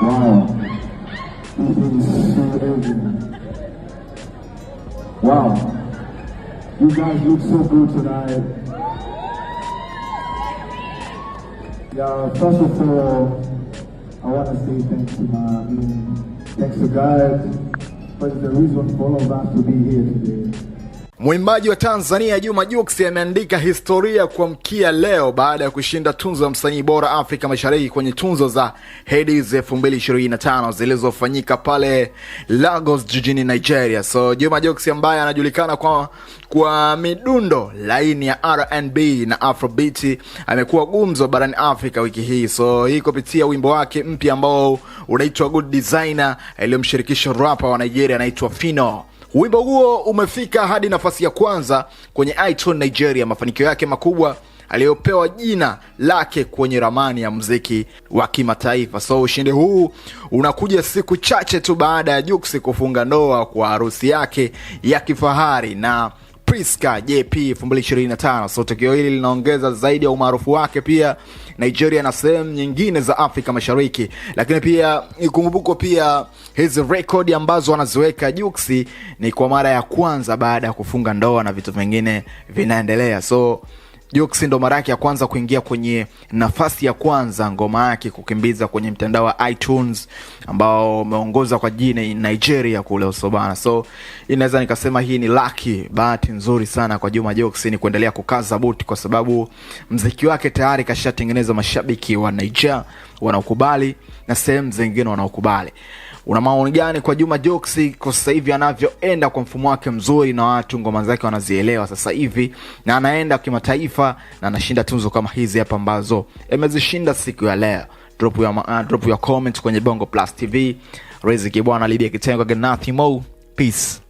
wow. Wow. You guys look so good tonight. Yeah, first of all, I want to say thanks to my, thanks to God, for the reason for all of us to be here today. Mwimbaji wa Tanzania Juma Jux ameandika historia kuamkia leo baada ya kushinda tunzo ya msanii bora Afrika Mashariki kwenye tunzo za Headies 2025 zilizofanyika pale Lagos jijini Nigeria. So Juma Jux ambaye anajulikana kwa, kwa midundo laini ya R&B na Afrobeat amekuwa gumzo barani Afrika wiki hii. So hii kupitia wimbo wake mpya ambao unaitwa Good Designer aliyomshirikisha rapa wa Nigeria anaitwa Fino. Wimbo huo umefika hadi nafasi ya kwanza kwenye iTunes Nigeria, mafanikio yake makubwa aliyopewa jina lake kwenye ramani ya mziki wa kimataifa. So ushindi huu unakuja siku chache tu baada ya juksi kufunga ndoa kwa harusi yake ya kifahari na Priska JP 2025. So tukio hili linaongeza zaidi ya umaarufu wake pia Nigeria na sehemu nyingine za Afrika Mashariki, lakini pia ikumbukwe pia hizi rekodi ambazo wanaziweka Juksi ni kwa mara ya kwanza baada ya kufunga ndoa na vitu vingine vinaendelea so Jux ndo mara yake ya kwanza kuingia kwenye nafasi ya kwanza ngoma yake kukimbiza kwenye mtandao wa iTunes ambao umeongoza kwa jina Nigeria kule Usobana. So inaweza nikasema hii ni lucky, bahati nzuri sana kwa Juma Jux ni kuendelea kukaza buti, kwa sababu mziki wake tayari kashatengeneza mashabiki wa Nigeria wanaokubali na sehemu zingine wanaokubali. Una maoni gani kwa Juma joksi kwa sasa hivi anavyoenda kwa mfumo wake mzuri na watu ngoma zake wanazielewa sasa hivi na anaenda kimataifa na anashinda tuzo kama hizi hapa ambazo amezishinda siku ya leo? Drop ya, uh, drop ya comment kwenye Bongo Plus TV. Riziki bwana, Libia Kitengo, Nathimo, peace.